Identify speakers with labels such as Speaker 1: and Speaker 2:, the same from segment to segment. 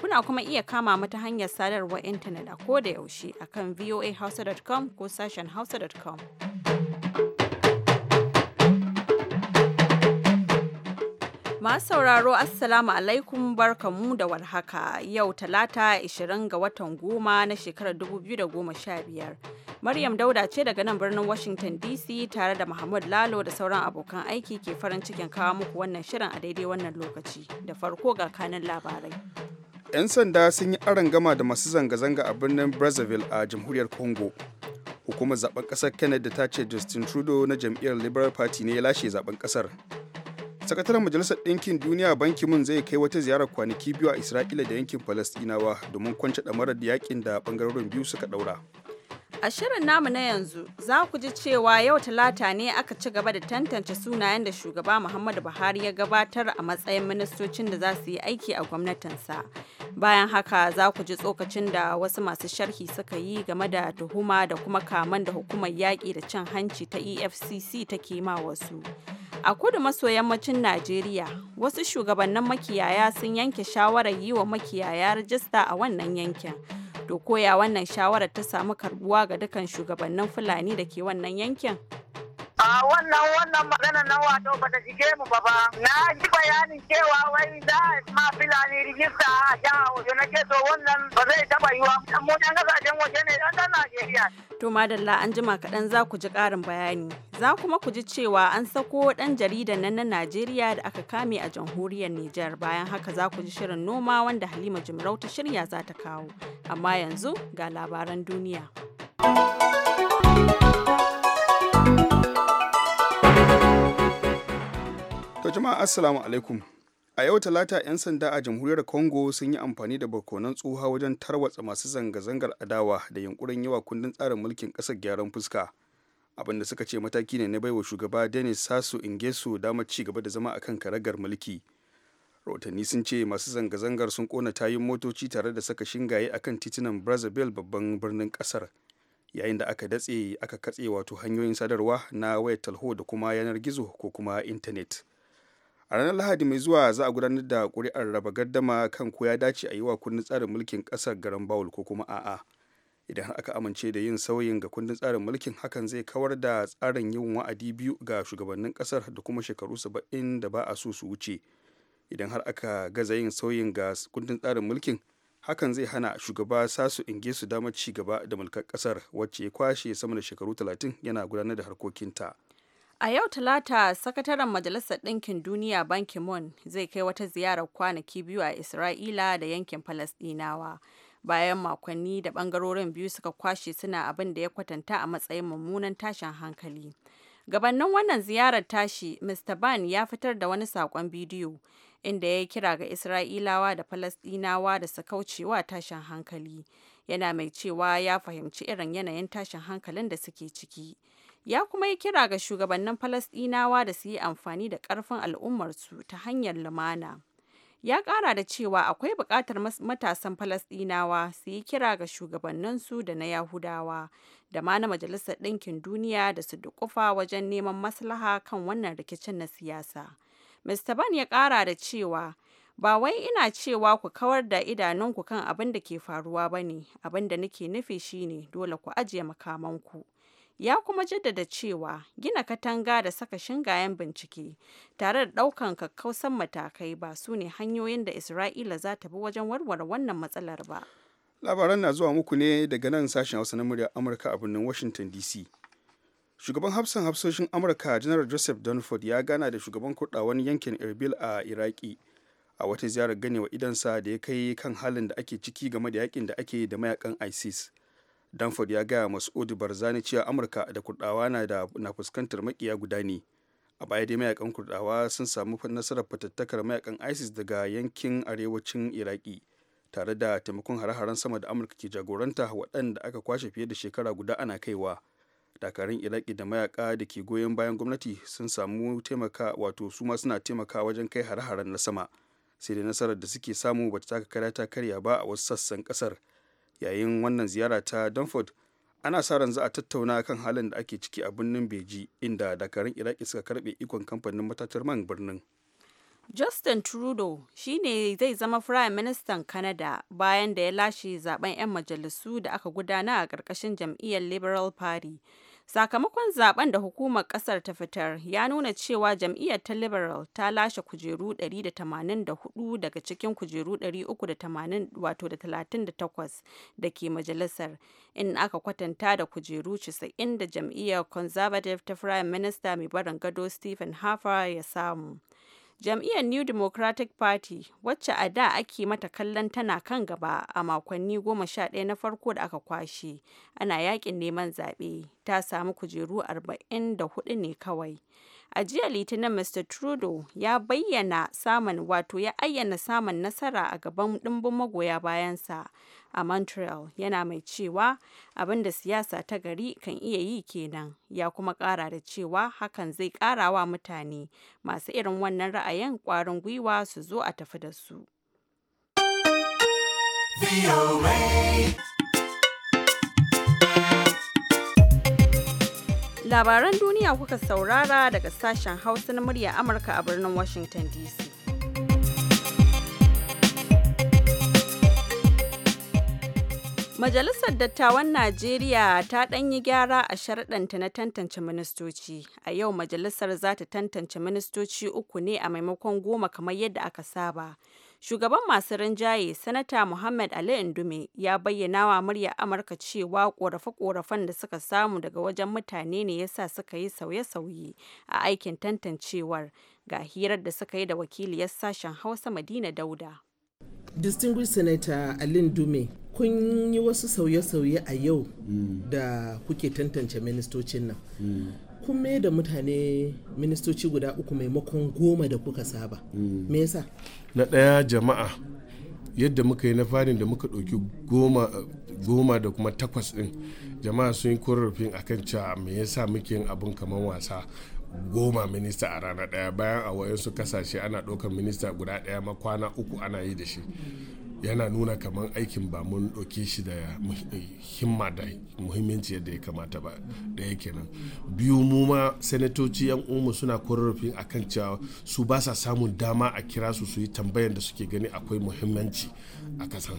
Speaker 1: Kuna kuma iya kama mata hanyar sadarwar intanet a ko da yaushe a kan voahausa.com ko sashen hausa.com. Masu sauraro Assalamu alaikum barkamu da warhaka yau talata 20 ga watan goma na shekarar 2015. Maryam Dauda ce daga nan birnin Washington DC tare da Muhammad Lalo da sauran abokan aiki ke farin cikin kawo muku wannan shirin a daidai wannan lokaci. Da farko ga kanin labarai.
Speaker 2: 'yan sanda sun yi gama da masu zanga-zanga a birnin brazzaville a jamhuriyar congo hukumar zaben kasar canada ta ce justin trudeau na jam'iyyar liberal party ne ya lashe zaben kasar sakataren majalisar ɗinkin duniya banki mun zai kai wata ziyarar kwanaki biyu a isra'ila da yankin falastinawa domin kwance ɗamarar yakin da ɓangarorin biyu suka ɗaura
Speaker 1: A shirin namu na yanzu za ku ji cewa yau talata ne aka ci gaba da tantance sunayen da shugaba Muhammadu Buhari ya gabatar a matsayin ministocin da za su yi aiki a gwamnatinsa. Bayan haka za ku ji tsokacin da wasu masu sharhi suka yi game da tuhuma da kuma kaman da hukumar yaƙi da cin hanci ta EFCC ta ma wasu. A kudu maso yammacin Najeriya, wasu shugabannin makiyaya sun yanke shawarar yi wa makiyaya rajista a wannan yankin. To koya wannan shawarar ta samu karbuwa ga dukan shugabannin Fulani da ke wannan yankin?
Speaker 3: A wannan wannan nawa to ba ta shige mu ba ba. Na ji bayanin cewa wai za a ma filani rijista a jihar Oyo na ce to wannan ba zai taɓa yiwa. Mu ɗan kasashen waje ne dan dan Najeriya.
Speaker 1: To madalla an jima kaɗan za ku ji ƙarin bayani. Za kuma ku ji cewa an sako ɗan jaridan nan na Najeriya da aka kame a jamhuriyar Nijar bayan haka za ku ji shirin noma wanda Halima Jimrau ta shirya za ta kawo. Amma yanzu ga labaran duniya. To jama'a assalamu
Speaker 2: alaikum. A yau talata 'yan sanda a jamhuriyar Congo sun yi amfani da barkonan tsoha wajen tarwatsa masu zanga-zangar adawa da yunkurin yawa kundin tsarin mulkin ƙasar gyaran fuska. Abinda suka ce mataki ne na baiwa shugaba Denis Sassou Ingesu, damar ci gaba da zama akan karagar mulki. Rahotanni sun ce masu zanga-zangar sun kona tayin motoci tare da saka shingaye akan titunan Brazzaville babban birnin ƙasar. Yayin da aka datse aka katse wato hanyoyin sadarwa na wayar talho da kuma yanar gizo ko kuma intanet. a ranar lahadi mai zuwa za a gudanar da kuri'ar raba gardama kan ko ya dace a yi wa kundin tsarin mulkin ƙasar garan bawul ko kuma a'a idan har aka amince da yin sauyin ga kundin tsarin mulkin hakan zai kawar da tsarin yin wa'adi biyu ga shugabannin ƙasar da kuma shekaru saba'in da ba a so su wuce idan har aka gaza yin sauyin ga kundin tsarin mulkin hakan zai hana shugaba sasu inge su damar ci gaba da mulkar ƙasar wacce ya kwashe sama da shekaru talatin yana gudanar da harkokinta.
Speaker 1: A yau Talata, Sakataren Majalisar Ɗinkin Duniya Ban ki zai kai wata ziyarar kwanaki biyu a Isra'ila da yankin Falasɗinawa. Bayan makonni da ɓangarorin biyu suka kwashe suna abin da ya kwatanta a matsayin mummunan tashin hankali. Gabannin wannan ziyarar tashi, Mr. Ban ya fitar da wani saƙon bidiyo inda ya kira ga Isra'ilawa da Falasɗinawa da su wa tashin hankali. Yana mai cewa ya fahimci irin yanayin tashin hankalin da suke ciki. ya kuma yi kira ga shugabannin Falasɗinawa da su yi amfani da ƙarfin al'ummarsu ta hanyar lumana. Ya ƙara da cewa akwai buƙatar matasan Falasɗinawa su yi kira ga shugabanninsu da na Yahudawa da ma na Majalisar Ɗinkin Duniya da su dukufa wajen neman maslaha kan wannan rikicin na siyasa. Mr. Ban ya ƙara da cewa ba wai ina cewa ku kawar da idanunku kan abin da ke faruwa ba ne abin da nake nufi shine dole ku ajiye makamanku ya kuma jaddada cewa gina katanga da saka shingayen bincike tare da ɗaukan kakkausan matakai ba su ne hanyoyin da isra'ila za ta bi wajen warware wannan matsalar ba
Speaker 2: labaran na zuwa muku ne daga nan sashen hausa na muryar amurka a birnin washington dc shugaban hafsan hafsoshin amurka general joseph dunford ya gana da shugaban kurdawan yankin irbil a iraki a wata ziyarar ganewa idansa da ya kai kan halin da ake ciki game da yakin da ake da mayakan isis danford ya gaya masu odi barzani cewa amurka da kurdawa na, da, na fuskantar makiya guda ne a baya dai mayakan kurdawa sun samu nasarar fatattakar mayakan isis daga yankin arewacin iraki tare da taimakon hare-haren sama da amurka ke jagoranta waɗanda aka kwashe fiye da shekara guda ana kaiwa dakarun iraki da mayaka da ke goyon bayan gwamnati sun samu taimaka wato su ma suna taimaka wajen kai hare-haren na sama sai da nasarar da suke samu bata taka karya ta karya ba a wasu sassan kasar yayin wannan ziyara ta danford ana sa ran za a tattauna kan halin da ake ciki a birnin beji inda dakarun iraki suka karbe ikon kamfanin matatar man birnin
Speaker 1: justin trudeau shine zai zama prime ministan canada bayan da ya lashe zaben 'yan majalisu da aka gudana a ƙarƙashin jam'iyyar liberal party Sakamakon zaben da hukumar kasar ta fitar ya nuna cewa jam'iyyar ta Liberal ta lashe kujeru 184 daga cikin kujeru 388 da ke majalisar, in aka kwatanta da kujeru 90 da jam'iyyar Conservative ta prime minister mai barin gado Stephen Harper ya samu. Jam'iyyar New Democratic Party, wacce a da ake mata kallon tana kan gaba a makonni goma sha ɗaya na farko da aka kwashe ana yakin neman zaɓe, ta samu kujeru 44 ne kawai. A jiya Litinin Mr. Trudeau ya bayyana samun wato ya ayyana samun nasara a gaban ɗimbin magoya bayansa a Montreal yana mai cewa abin da siyasa ta gari kan iya yi kenan ya kuma kara da cewa hakan zai kara wa mutane masu irin wannan ra'ayin kwarin gwiwa su zo a tafi da su. Labaran duniya kuka saurara daga sashen Hausa na murya Amurka a birnin Washington DC. Majalisar Dattawan Najeriya ta ɗan yi gyara a sharaɗanta na tantance ministoci. A yau majalisar za ta tantance ministoci uku ne a maimakon goma kamar yadda aka saba. Shugaban masu rinjaye, Sanata Muhammad Ali Indume, ya bayyana wa murya Amurka cewa ƙorafe-ƙorafen da suka samu daga wajen mutane ne yasa suka yi sauye-sauye a aikin tantancewar. Ga hirar da suka yi da wakiliyar sashen Hausa Madina Dauda.
Speaker 4: distinguished senator alin dume kun yi wasu sauye-sauye a yau mm. da kuke tantance ministocin nan mm. kun da mutane ministoci guda uku maimakon goma da kuka saba
Speaker 5: mm. me yasa na ɗaya jama'a yadda muka yi na farin da muka ɗauki goma da kuma takwas ɗin jama'a sun yi korafin kan cewa me yasa muke yin abin kamar wasa goma minista a rana daya bayan a wayansu kasashe ana ɗaukar minista guda daya ma kwana uku ana yi da shi yana nuna kamar aikin ba mun ɗauke shi da himma da muhimmanci yadda ya kamata ba da ya nan biyu mu ma sanatoci yan umu suna a kan cewa su ba sa samun dama a kira su su yi tambayan da suke gani akwai muhimmanci a kasan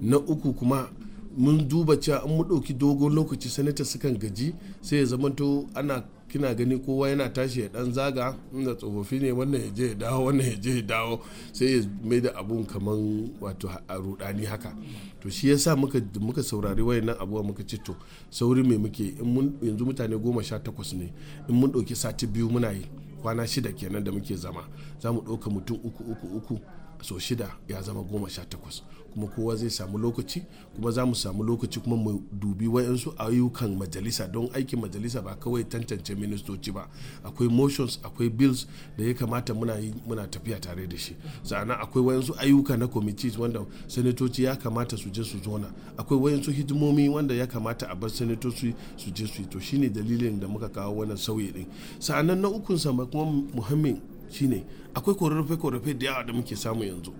Speaker 5: na uku kuma mun duba cewa an mu ɗauki dogon lokaci sanata sukan gaji sai ya zamanto ana kina gani kowa yana tashi ya dan zaga inda tsofaffi ne wannan ya je ya dawo wannan ya je ya dawo sai ya mai da abun kamar wato a rudani haka to shi yasa muka muka saurari wayannan abuwa muka ce to sauri me muke in yanzu mutane goma sha takwas ne in mun ɗauki sati biyu muna yi kwana shida kenan da muke zama za mu ɗauka mutum uku uku uku so shida ya zama goma sha takwas kuma kowa zai samu lokaci kuma za mu samu lokaci kuma mu dubi wayansu ayyukan majalisa don aikin majalisa ba kawai tantance ministoci ba akwai motions akwai bills da ya kamata muna yi muna tafiya tare da shi sa'ana akwai wayansu ayyuka na committees wanda sanatoci ya kamata su je su zona akwai wayansu hidimomi wanda ya kamata a bar sanatoci su je su yi to shine dalilin da muka kawo wannan sauyi din sa'anan na ukun sa kuma muhammin shine akwai korafe-korafe da yawa da muke samu yanzu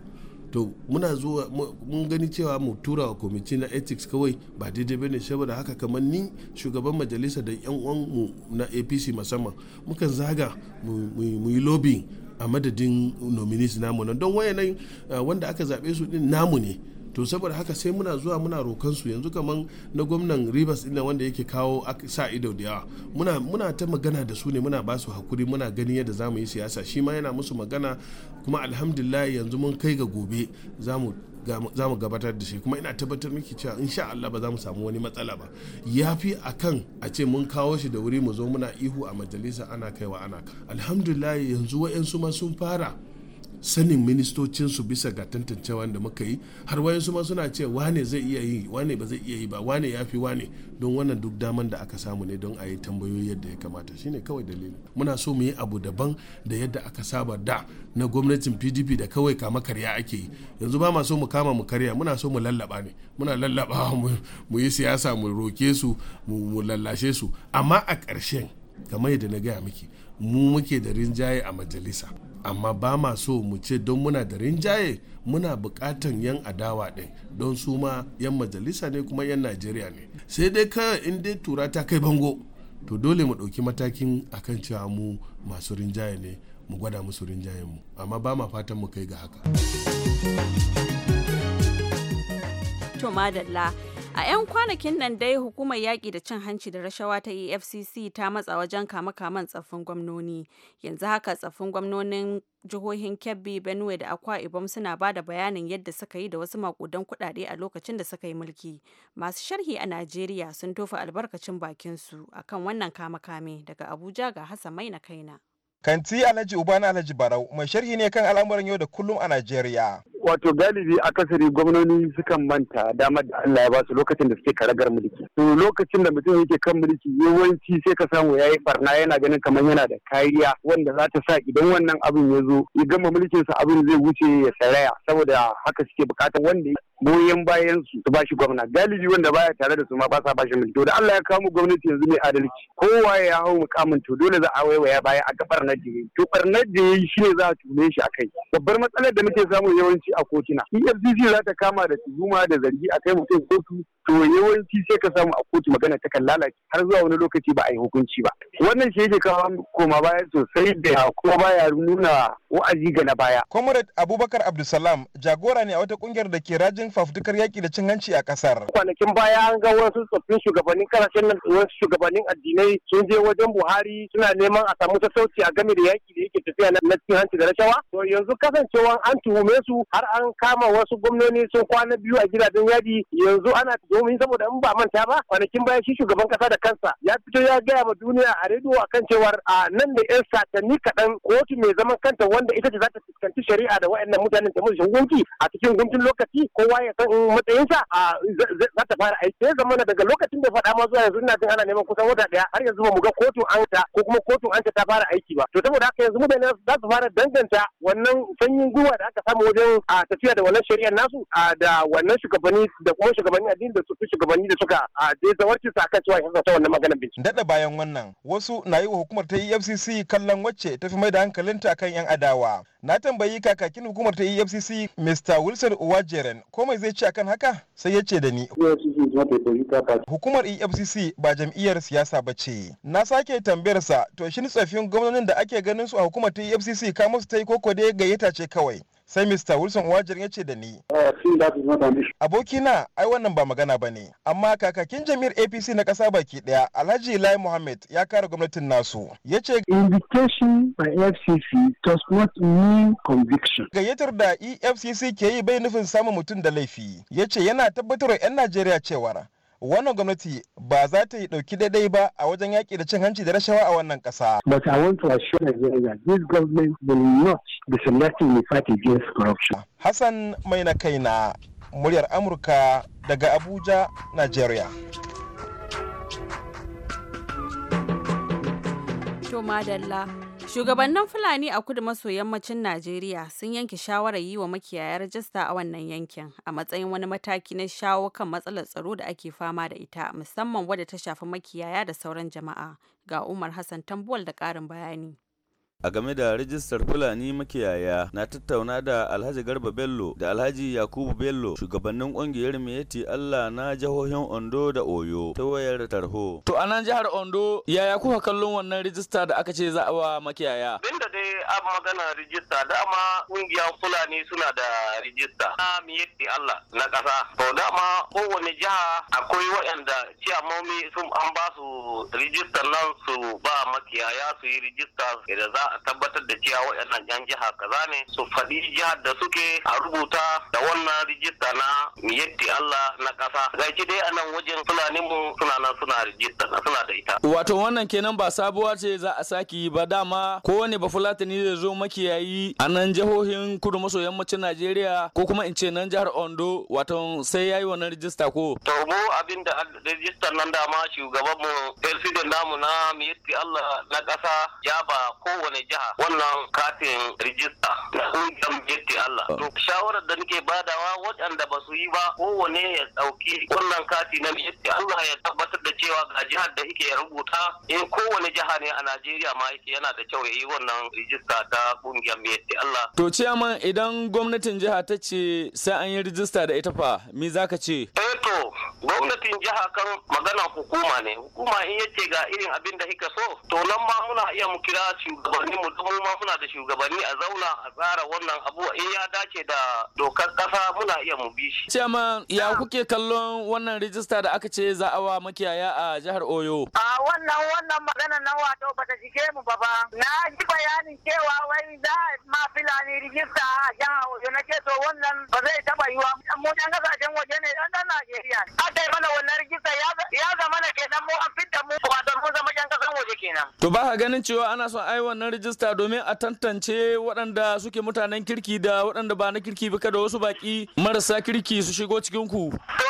Speaker 5: to muna zuwa mun gani cewa mu tura wa kwamiti na ethics kawai ba daidai bane saboda haka kamar ni shugaban majalisa da yan uwan mu na apc musamman mukan zaga mu yi lobbying a madadin nominees namu don wayanai eh, wanda aka zaɓe su din namu ne to saboda haka sai muna zuwa muna rokan su yanzu kamar na gwamnan rivers inda wanda yake kawo sa ido da yawa muna ta magana da su ne muna ba su hakuri muna gani yadda za mu yi siyasa shi ma yana musu magana kuma alhamdulillah yanzu mun kai ga gobe za mu gabatar da shi kuma ina tabbatar miki cewa insha Allah ba za mu samu wani matsala ba ya fi a kan a ce mun kawo shi da wuri mu zo muna ihu a majalisa ana kaiwa ana alhamdulillah yanzu wa'yansu ma sun fara sanin ministocinsu bisa ga tantancewa da muka yi har wayansu ma suna ce wane zai iya yi wane ba zai iya yi ba wane ya fi wane don wannan duk daman da aka samu ne don a yi tambayoyi yadda ya kamata shine kawai dalili muna so mu yi abu daban da yadda aka saba da na gwamnatin pdp da kawai kama karya ake yi yanzu ba ma so mu kama mu karya muna so mu lallaba ne muna lallaba mu yi siyasa mu roke su mu lallashe su amma a ƙarshen kamar yadda na gaya miki mu muke da rinjaye a majalisa amma ba ma so mu ce don muna da rinjaye muna bukatan yan adawa ɗin don su ma yan majalisa ne kuma yan najeriya ne sai dai ka in dai tura ta kai bango to dole mu ɗauki matakin akan cewa mu masu rinjaye ne mu gwada musu rinjayen mu amma ba ma fatan mu kai ga haka
Speaker 1: to madalla A 'yan kwanakin nan dai hukumar yaƙi da cin hanci da rashawa ta EFCC ta matsa wajen kama-kaman tsaffin gwamnoni. Yanzu haka tsaffin gwamnonin jihohin Kebbi, Benue da Akwa Ibom suna ba da bayanin yadda suka yi da wasu makudan kuɗaɗe a lokacin da suka yi mulki. Masu sharhi a Najeriya sun tofa albarkacin bakinsu akan wannan kama kame daga Abuja ga Hassan Maina Kaina.
Speaker 4: Kanti Alhaji Ubana Alhaji Barau mai sharhi ne kan al'amuran yau da kullum a Najeriya.
Speaker 6: Wato galibi akasari gwamnoni sukan manta damar da Allah ya basu lokacin da suke karagar mulki. To lokacin da mutum yake kan mulki yawanci sai ka samu ya yi barna yana ganin kamar yana da kariya wanda za ta sa idan wannan abin ya zo ya gama mulkinsa abin zai wuce ya saraya saboda haka suke bukatar wanda goyon bayan su su bashi gwamna galibi wanda baya tare da su ma ba sa bashi mulki da Allah ya kawo gwamnati yanzu mai adalci kowa ya hau mukamin to dole za a waiwaya baya a gabar na da to barnar da yayi shi ne za a tume shi akai babbar matsalar da muke samu yawanci a kotuna EFCC za ta kama da tuhuma da zargi akai mutum kotu to yawanci sai ka samu a kotu magana ta kan lalace har zuwa wani lokaci ba a yi hukunci ba
Speaker 4: wannan shi yake kawo koma baya sosai da kuma baya nuna wa'azi ga na baya comrade abubakar abdulsalam jagora ne a wata kungiyar da ke rajin fafutukar yaki da cin hanci a kasar kwanakin baya an ga wasu tsoffin shugabannin kasashen nan wasu shugabannin addinai sun je
Speaker 7: wajen buhari suna neman a samu sassauci a game da yaki da yake tafiya na cin hanci da rashawa to yanzu kasancewan an tuhume su har an kama wasu gwamnoni sun kwana biyu a gidajen yadi yanzu ana domin saboda in ba manta ba kwanakin baya shi shugaban kasa da kansa ya fito ya gaya ma duniya a rediyo akan cewar a nan da yan satani kaɗan kotu mai zaman kanta wanda ita ce za ta fuskanci shari'a da waɗannan mutanen ta musu hukunci a cikin guntun lokaci kowa ya san matsayinsa a za ta fara aiki sai zamana daga lokacin da faɗa ma zuwa yanzu ina jin ana neman kusan wata ɗaya har yanzu ba mu ga kotu an ta ko kuma kotun an ta fara aiki ba to saboda haka yanzu mutane za su fara danganta wannan sanyin gwiwa da aka samu wajen a tafiya da wannan shari'ar nasu da wannan shugabanni da kuma shugabanni addini da su shugabanni da suka a dai zawarci sa kan cewa ta wannan maganar bincike. Dada bayan wannan
Speaker 4: wasu na yi wa hukumar ta EFCC kallon wacce ta fi mai da hankalinta kan 'yan adawa. Na tambayi kakakin hukumar ta EFCC Mr. Wilson Uwajeren ko mai zai ce akan haka sai ya ce da ni. E hukumar EFCC ba jam'iyyar siyasa ba ce. Na sake tambayar sa to shin tsafin gwamnonin da ake ganin su a hukumar ta EFCC su ta yi koko dai gayyata ce kawai. sai Mr. Wilson wajen ya ce da ni. Eh, Abokina, ai wannan ba magana ba ne. Amma kakakin jami'ar APC na ƙasa baki ɗaya, Alhaji Lai Mohammed ya kare gwamnatin nasu. Ya ce, Invitation by FCC does not mean conviction. Gayyatar da EFCC ke yi bai nufin samun mutum da laifi. Ya ce yana tabbatar 'yan Najeriya cewar wannan gwamnati ba za ta yi dauki daidai ba a wajen yaƙi da cin hanci da rashawa a wannan ƙasa.
Speaker 8: But
Speaker 6: I want to assure Nigeria this government will not be selective in fight against corruption.
Speaker 4: Hassan mai na kaina muryar Amurka daga Abuja, Nigeria.
Speaker 1: To madalla Shugabannin Fulani a kudu maso yammacin Najeriya sun yanke shawarar yi wa makiyaya rajista a wannan yankin a matsayin wani mataki na shawo kan matsalar tsaro da ake fama da ita musamman wadda ta shafi makiyaya da sauran jama'a. Ga Umar Hassan Tambuwal da ƙarin bayani.
Speaker 9: a game da rijistar fulani makiyaya na tattauna da alhaji garba bello da alhaji yakubu bello shugabannin kungiyar meti allah na jihohin ondo da oyo ta wayar tarho to a nan jihar ondo yaya kuka kallon wannan rijista da aka ce za a wa makiyaya a magana
Speaker 7: rijista dama kungiyar fulani suna da rijista na miyetti Allah na ƙasa. To dama kowane jiha akwai waɗanda ciyamomi sun an ba su rijistar nan su ba makiyaya su yi rijista da za a tabbatar da cewa waɗannan yan jiha kaza ne su faɗi jihar da suke a rubuta da wannan rijista na miyetti Allah na ƙasa. Gaci dai a nan wajen fulani mu suna nan suna
Speaker 9: rijista suna da ita. Wato wannan kenan ba sabuwa ce za a saki ba dama kowane ba fulatani Fulani da zo makiyayi a nan jihohin kudu maso yammacin Najeriya ko kuma in ce nan jihar Ondo wato sai yayi wannan rijista ko. To
Speaker 7: mu abin da rijistar nan dama shugaban mu president namu na ministry Allah na kasa ya ba kowane jiha wannan katin rijista na kungiyar ministry Allah. Ah. To shawarar da nake badawa waɗanda ba su yi ba kowane ya ɗauki wannan kati na ministry Allah ya tabbatar da cewa ga jihar da yake rubuta in eh, kowane jiha ne a Najeriya ma yake yana da kyau ya yi wannan rijista. rijista ta kungiyar mai Allah. To
Speaker 9: ciyaman idan gwamnatin jiha ta ce sai an yi rijista da ita fa me za ka ce? Eh
Speaker 7: to gwamnatin jiha kan magana hukuma ne hukuma in yace ga irin abin da hika so to nan ma muna iya mu kira shugabanni mu mu ma muna da shugabanni a zauna a tsara wannan abu in ya dace da dokar kasa muna iya mu bi
Speaker 9: shi. Ciyaman ya kuke kallon wannan rijista da aka ce za a wa makiyaya a jihar Oyo?
Speaker 3: A wannan wannan magana na wato bata shige mu ba ba na ji bayanin ke cewa wai za a ma Fulani rijista a jihar na ce to wannan ba zai taɓa yiwa. Mu ɗan kasashen waje ne ɗan ɗan Najeriya. a kai mana wannan rijista ya zama na kenan mu an fitta mu wato mu zama ƴan ƙasan waje kenan.
Speaker 9: To ba ka ganin cewa ana son ai wannan rijista domin a tantance waɗanda suke mutanen kirki da waɗanda ba na kirki ba da wasu baƙi marasa kirki su shigo cikin ku. To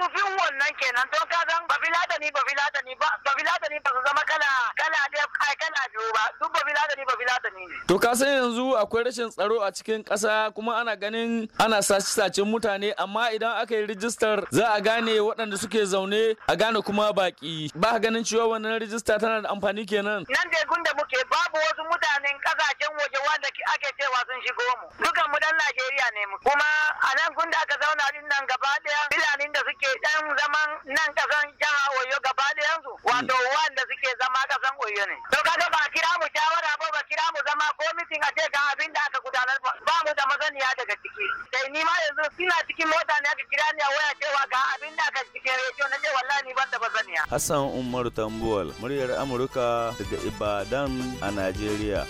Speaker 3: manufin wannan kenan don ka zan ba ni ba ni ba ni ba su zama kala kala kai kala biyu ba duk ba ni ba filatani
Speaker 9: ni To ka san yanzu akwai rashin tsaro a cikin ƙasa kuma ana ganin ana sace-sacen mutane amma idan aka yi rijistar za a gane waɗanda suke zaune a gane kuma baƙi ba ganin cewa wannan rijista tana da amfani kenan. Nan
Speaker 3: dai gunda muke babu wasu mutanen ƙasashen waje wanda ake cewa sun shigo mu dukan mu dan Najeriya ne mu kuma a nan gunda aka zauna din nan gaba ɗaya filanin da suke ɗan zaman nan kasan jihar Oyo gaba da yanzu wato mm. wanda suke zama kasan Oyo ne. To kaga ba kira mu shawara ba ba kira mu zama ko mitin a ce ga abin da aka gudanar ba mu da mazaniya daga ciki. Sai ni ma yanzu suna cikin mota ne aka kira ni a waya cewa ga abin da aka cike rediyo na ce wallahi ni ban da mazaniya.
Speaker 9: Hassan Umar Tambuwal muryar Amurka daga Ibadan a Najeriya.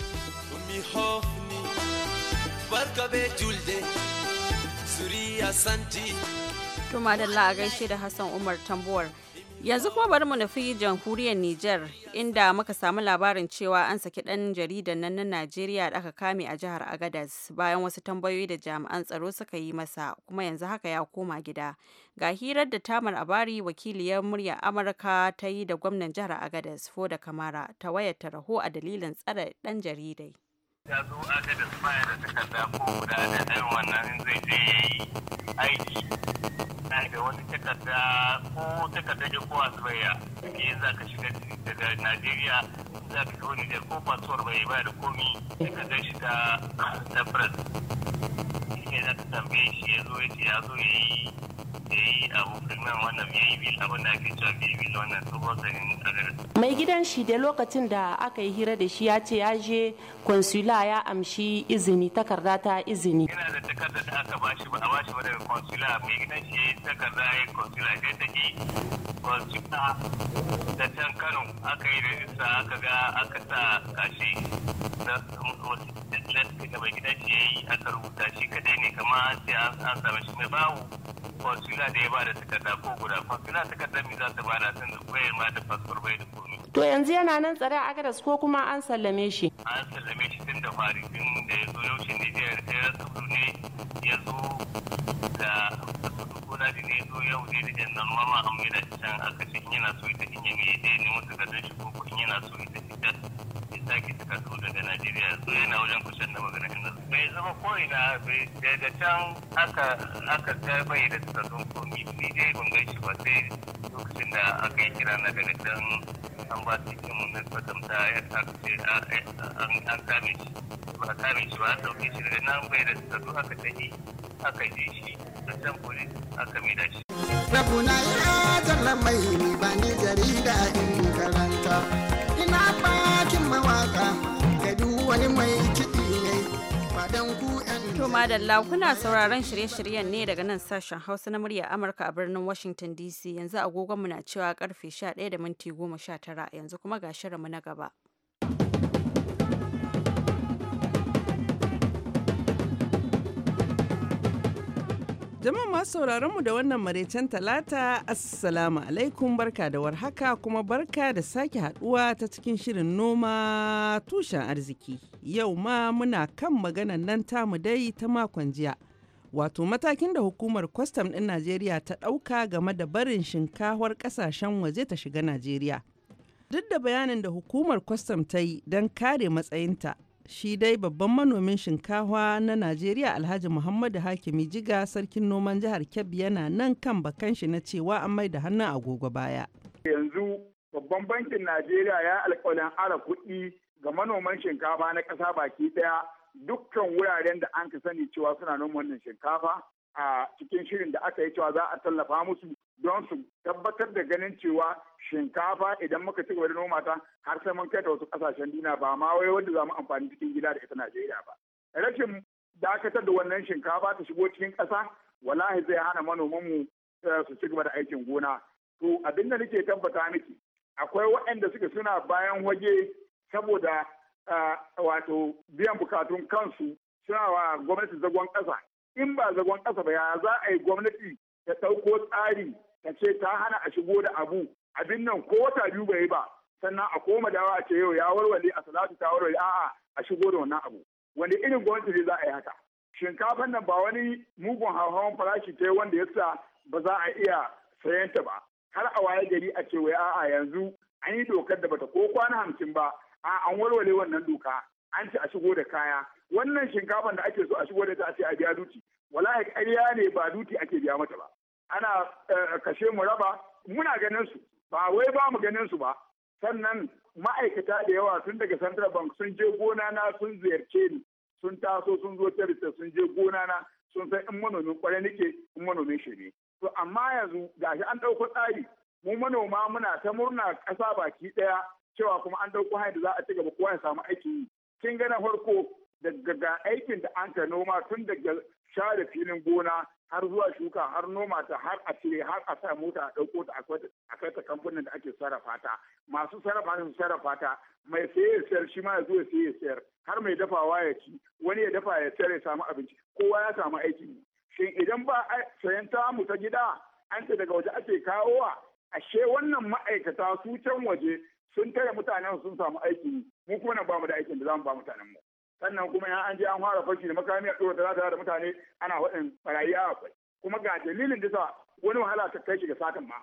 Speaker 7: Barka be julde, suriya santi.
Speaker 1: Tuma da a gaishe da Hassan Umar Tambuwar. Yanzu kuma bari mu nufi jamhuriyar Nijar inda muka samu labarin cewa an saki ɗan jaridan nan na Najeriya da aka kame a jihar Agadez bayan wasu tambayoyi da jami'an tsaro suka yi masa kuma yanzu haka ya koma gida. Ga hirar da Tamar Abari wakiliyar murya Amurka ta yi da gwamnan jihar Agadez da Kamara ta wayar raho a dalilin tsare ɗan jaridai.
Speaker 10: ya zo aka da da takarda ko da ɗan wannan in zai je aiki na da wani takarda ko takarda da ko asibaya ke za ka shiga daga najeriya za ka zo ko fasuwar bai ba da komi takardar shi ta ne za ka tambaye shi ya zo ya ce ya zo ya yi mai gidan
Speaker 11: shi da lokacin da aka yi hira da shi ya ce ya je consular konsula ya amshi izini takarda ta izini yana
Speaker 10: da takarda da aka bashi ba a bashi ba daga consular mai gidan shi takarda ya consular ya ta ki kwamfuta da can kano aka yi da rajista aka ga aka sa kashi na wasu da mai gida shi yayi aka rubuta shi kadai ne kama sai an samu shi mai bawo kwamfuta da ya ba da takarda ko guda kwamfuta takardar mi za ta ba da sun bayar ma da fasfor bai da komi.
Speaker 11: to yanzu yana nan tsare a gadas ko kuma an sallame shi.
Speaker 10: an sallame shi tun da fari tun da ya zo yaushe ne da ya rasu ne ya zo da gona ne ya zo yau ne da 'yan nan mama amma da irin aka ce yana so ita in yabi ya ne musu da shi ko in yana so ita ita ya sake ta kaso daga Najeriya so yana wajen kusan da magana inda bai zama ko ina daga can aka aka ga bai da zo ko ni ni dai ban gan shi ba sai lokacin da aka yi kira na daga can an ba su cikin mun kwatanta ya aka ce an kame shi ba kame shi ba a sauke shi daga nan bai da zo aka tafi aka je shi da can polis aka mai da shi.
Speaker 3: Rabu na yi talla mai ni ba ni jarida in karanta
Speaker 1: ina bakin mawaka ga duk wani mai kiɗi ne fadan ku To madalla kuna sauraron shirye-shiryen ne daga nan sashen Hausa na murya Amurka a birnin Washington DC yanzu agogonmu na cewa karfe 11 da minti yanzu kuma ga shirinmu na gaba.
Speaker 11: Jama'a masu sauraron mu da wannan maraicen talata assalamu alaikum barka da warhaka kuma barka da sake haduwa ta cikin shirin noma tushen arziki. Yau ma muna kan maganan nan ta mu dai ta makon jiya. Wato matakin da hukumar kwastam ɗin Najeriya ta ɗauka game da barin shinkawar ƙasashen waje ta shiga Najeriya. Duk da bayanin da hukumar kwastam ta yi don kare matsayinta, shi dai babban manomin shinkawa na Najeriya Alhaji Muhammadu Hakimi Jiga sarkin noman jihar Kebbi yana nan kan bakan shi na cewa an mai da hannun agogo baya.
Speaker 6: Yanzu babban bankin Najeriya ya alƙalin ara kuɗi ga manoman shinkafa na ƙasa baki ɗaya dukkan wuraren da an ka sani cewa suna noman wannan shinkafa a cikin shirin da aka yi cewa za a tallafa musu don su tabbatar da ganin cewa shinkafa idan muka ci gaba da noma ta har sai mun kai ta wasu kasashen duniya ba ma wai wanda za mu amfani cikin gida da ita Najeriya ba. Rashin dakatar da wannan shinkafa ta shigo cikin ƙasa wallahi zai hana manoman mu eh, su ci gaba da aikin gona. To abin da nake tabbata miki akwai waɗanda suke suna bayan waje saboda eh, wato biyan bukatun kansu suna wa gwamnati zagon ƙasa in ba zagon ƙasa ba ya za a yi gwamnati ta ɗauko tsari ta ce ta hana a shigo da abu abin nan ko wata biyu bai ba sannan a koma dawa a ce yau ya warware a salatu ta warware a'a a shigo da wannan abu wani irin gwamnati ne za a yi haka shinkafan nan ba wani mugun hauhawan farashi ta wanda ya sa ba za a iya sayan ta ba har a waye gari a ce wai a'a yanzu an yi dokar da bata ko kwana hamsin ba a an warware wannan doka an ci a shigo da kaya wannan shinkafan da ake so a shigo da ta ce a biya duti wallahi ƙarya ne ba duti ake biya mata ba ana eh, kashe mu raba muna ganin su ba wai ba mu ganin su ba sannan ma'aikata da yawa tun daga central bank sun je gona na sun ziyarce ni sun taso sun zo tarista sun je gona na sun san in manomin kwarai nake in manomin shi ne to amma yanzu gashi an ɗauko tsari mu manoma muna ta murna ƙasa baki ɗaya cewa kuma an ɗauko hanyar da za a ci gaba kowa ya samu aikin yi kin ga farko daga aikin da an ta noma tun daga share filin gona har zuwa shuka har noma ta har a cire har a sa mota a ɗauko ta a kai ta kamfanin da ake sarrafa ta masu sarrafa su sarrafa ta mai saye ya sayar shi ma ya zo ya saye ya sayar har mai dafawa ya ci wani ya dafa ya sayar ya samu abinci kowa ya samu aiki shin idan ba sayan ta mu ta gida an ce daga waje ake kawowa ashe wannan ma'aikata su can waje sun tare mutanen sun samu aiki mu kuma na bamu da aikin da zamu ba mutanen mu sannan kuma ya an je an fara fashi da makami a tsoro da da mutane ana waɗin barayi a akwai kuma ga dalilin da sa wani wahala ta kai shi ga satan ma.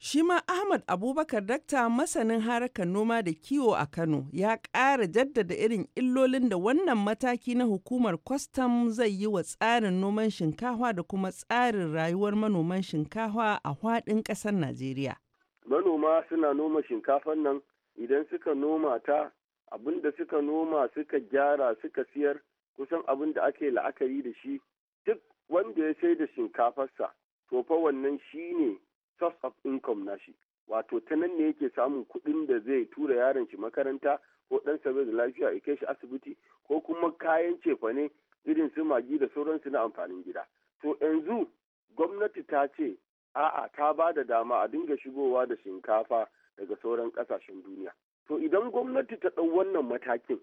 Speaker 11: Shi ma Ahmad Abubakar dakta masanin harkar noma da kiwo a Kano ya ƙara jaddada irin illolin da wannan mataki na hukumar kwastam zai yi wa tsarin noman shinkafa da kuma tsarin rayuwar manoman shinkafa a faɗin ƙasar Najeriya.
Speaker 8: Manoma suna noma shinkafan nan idan suka noma ta abin da suka noma suka gyara suka siyar kusan abin da ake la'akari da shi duk wanda ya sai da shinkafarsa to fa wannan shi ne source of income nashi wato ta nan ne yake samun kuɗin da zai tura yaron shi makaranta ko ɗansa zai da lafiya ya kai shi asibiti ko kuma kayan cefane irin su magi da sauransu na amfanin gida to yanzu gwamnati ta ce a'a ta ba da dama a dinga shigowa da shinkafa daga sauran ƙasashen duniya to idan gwamnati ta ɗau wannan matakin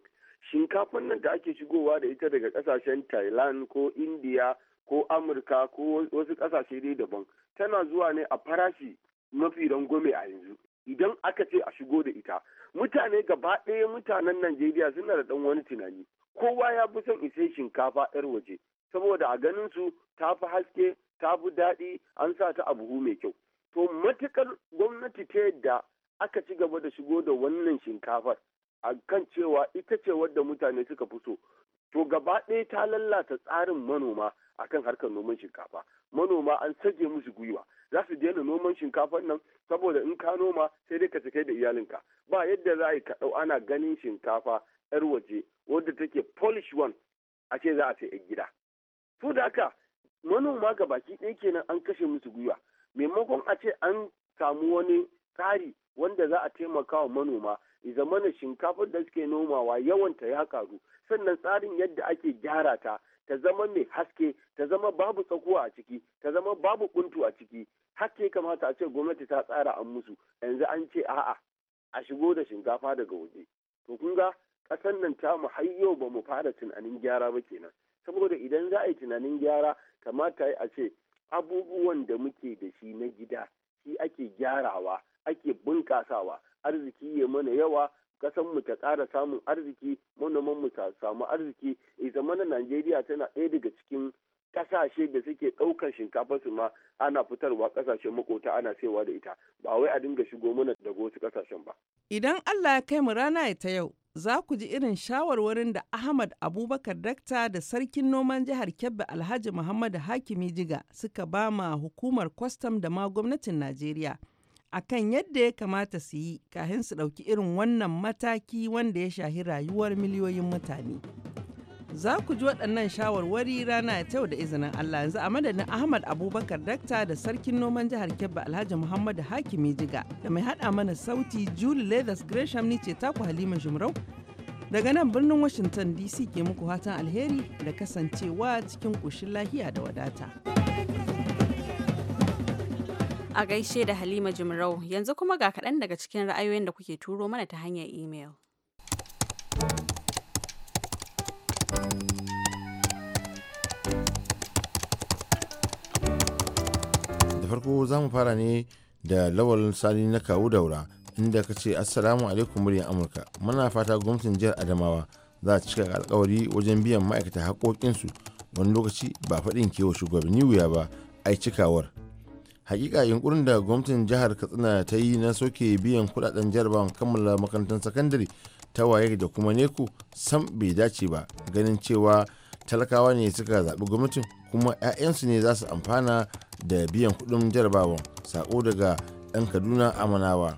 Speaker 8: shinkafan nan da ake shigowa da ita daga ƙasashen thailand ko india ko amurka ko wasu ƙasashe dai daban tana zuwa ne a farashi mafi rangwame a yanzu idan aka ce a shigo da ita mutane gaba ɗaya mutanen najeriya suna da ɗan wani tunani kowa ya fi son isai shinkafa 'yar waje saboda a ganin su ta fi haske ta fi daɗi an sa ta a buhu mai kyau to matukar gwamnati ta yadda aka ci gaba da shigo da wannan shinkafar a kan cewa ita ce wadda mutane suka fi so to gaba ɗaya ta lallata tsarin manoma akan harkar noman shinkafa manoma an sage musu gwiwa za su daina noman shinkafar nan saboda in ka noma sai dai ka kai da iyalinka ba yadda za a yi kaɗau ana ganin shinkafa yar waje wadda take polish one a ce za a sai gida to da haka manoma ga baki ɗaya kenan an kashe musu gwiwa maimakon a ce an samu wani tsari wanda za a taimaka wa manoma zamana shinkafar da suke nomawa yawanta ya karu sannan tsarin yadda ake gyara ta ta zama mai haske ta zama babu tsakuwa a ciki ta zama babu kuntu a ciki hakke kamata a ce gwamnati ta tsara an musu yanzu an ce a'a a shigo da shinkafa daga waje to kun ga kasan nan ta mu har yau ba mu fara tunanin gyara ba kenan saboda idan za a yi tunanin gyara kamata a ce abubuwan da muke da shi na gida shi ake gyarawa ake bunkasawa arziki ya mana yawa kasan mu ta ƙara samun arziki manoman mu samu arziki ya zama na najeriya tana ɗaya daga cikin kasashe da suke ɗaukar shinkafa su ma ana fitarwa ƙasashen makota ana sayarwa da ita ba wai a dinga shigo mana daga wasu ƙasashen ba.
Speaker 11: idan allah ya kai mu rana ta yau za ku ji irin shawarwarin da ahmad abubakar dakta da sarkin noman jihar kebbi alhaji muhammad hakimi jiga suka ba ma hukumar kwastam da ma gwamnatin najeriya. akan yadda ya kamata su yi kafin su ɗauki irin wannan mataki wanda ya shahi rayuwar miliyoyin mutane. Za ku ji waɗannan shawarwari rana ta yau da izinin Allah yanzu a madadin Ahmad Abubakar Dakta da Sarkin Noman Jihar Kebbi Alhaji Muhammadu Hakimi Jiga da mai haɗa mana sauti Julie Leathers Gresham ni ce taku Halima Jumrau. Daga nan birnin Washington DC ke muku fatan alheri da
Speaker 1: kasancewa cikin ƙoshin
Speaker 11: lahiya da wadata.
Speaker 1: A gaishe da Halima Jimrau, yanzu kuma ga kaɗan daga cikin ra'ayoyin da kuke turo mana ta hanyar imel.
Speaker 12: Da farko za mu fara ne da lawal sali na kawu daura inda ka ce assalamu alaikum muryar amurka muna fata gwamnatin jihar adamawa za a cika alkawari wajen biyan ma'aikata haƙoƙinsu wani lokaci ba faɗin kewa shugabanni wuya ba ai cikawar hakika yunkurin da gwamnatin jihar katsina ta yi na soke biyan kudaden jarabawan kammala makarantar sakandare ta waye da kuma neko sam bai dace ba ganin cewa talakawa ne suka zaɓi gwamnatin kuma 'ya'yansu ne za su amfana da biyan kudin jarabawan sako daga 'yan kaduna amanawa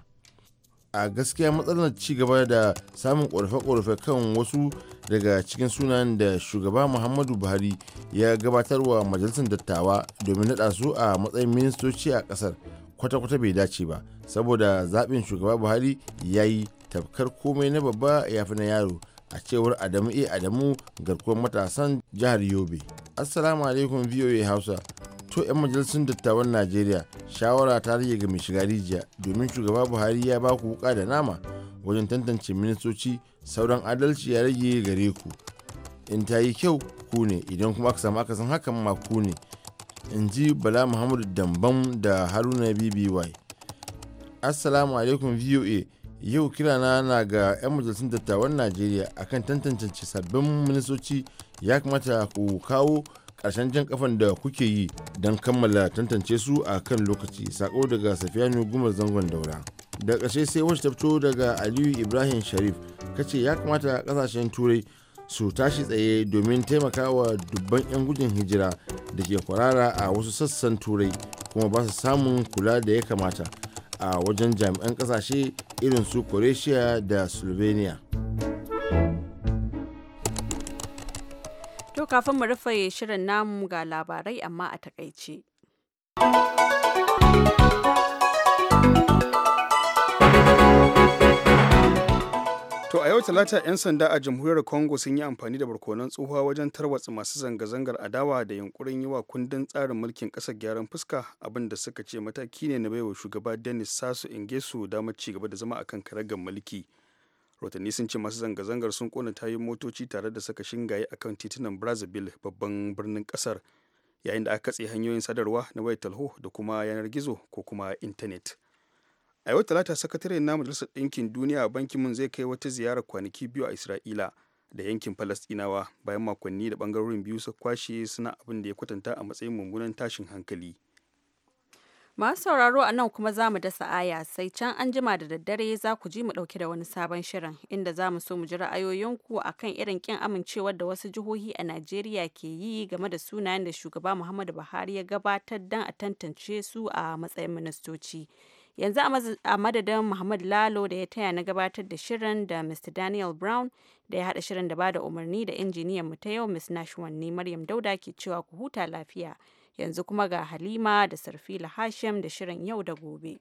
Speaker 12: a gaskiya matsalar ci gaba da samun ƙorafe-ƙorafe kan wasu daga cikin sunan da shugaba muhammadu buhari ya gabatar wa majalisar dattawa domin naɗa su a matsayin ministoci a ƙasar kwata-kwata bai dace ba saboda zaɓin shugaba buhari ya yi tafkar komai na babba ya fi na yaro a cewar adamu e adamu garkuwar matasan jihar yobe assalamu alaikum voa hausa to 'yan majalisun dattawan najeriya shawara ta rage ga mai shiga rijiya domin shugaba buhari ya ba ku wuka da nama wajen tantance ministoci sauran adalci ya rage gare ku in ta yi kyau ku ne idan kuma aka samu akasin hakan ma ku ne in ji bala muhammadu dambam da haruna bby assalamu alaikum voa yau kira na na ga 'yan majalisun dattawan najeriya akan tantance sabbin ministoci ya kamata ku kawo ƙarshen jan kafan da kuke yi don kammala tantance su a kan lokaci sako daga ne gumar zangon daura da ƙashe sai wacce ta fito daga aliyu ibrahim sharif kace ya kamata ƙasashen turai su tashi tsaye domin taimakawa dubban 'yan gudun hijira da ke kwarara a wasu sassan turai kuma ba su samun kula da ya kamata a wajen jami'an ƙasashe irin su croatia da slovenia
Speaker 1: to kafin mu rufe shirin namu ga labarai amma a takaice
Speaker 2: To a yau talata 'yan sanda a jamhuriyar Congo sun yi amfani da barkonan tsohuwa wajen tarwatsa masu zanga-zangar adawa da yunkurin yi wa kundin tsarin mulkin ƙasar gyaran fuska abinda suka ce mataki ne na baiwa shugaba Denis Sassou Nguesso damar ci gaba da zama akan karagar mulki. Rotanni sun ce masu zanga-zangar sun kona tayoyin motoci tare da saka shingaye a kan titunan Brazzaville babban birnin kasar yayin da aka katse hanyoyin sadarwa na wayar talho da kuma yanar gizo ko kuma intanet. a yau talata sakataren na majalisar ɗinkin duniya a bankin mun zai kai wata ziyarar kwanaki biyu a isra'ila da yankin falastinawa bayan makonni da bangarorin biyu su kwashe suna abin da ya kwatanta a matsayin mummunan tashin hankali
Speaker 1: masu sauraro a nan kuma zamu dasa aya sai can an jima da daddare za ku ji mu ɗauke da wani sabon shirin inda za mu so mu ji ra'ayoyinku a kan irin ƙin amincewar da wasu jihohi a najeriya ke yi game da sunayen da shugaba muhammadu buhari ya gabatar don a tantance su a matsayin ministoci. yanzu a madadin Muhammad Lalo da ya taya na gabatar da shirin da Mr. Daniel Brown da ya haɗa shirin da bada umarni da injiniyan mu ta yau Ms. Nashwan ne Maryam Dauda ke cewa ku huta lafiya. Yanzu kuma ga Halima da Sarfila Hashim da shirin yau da gobe.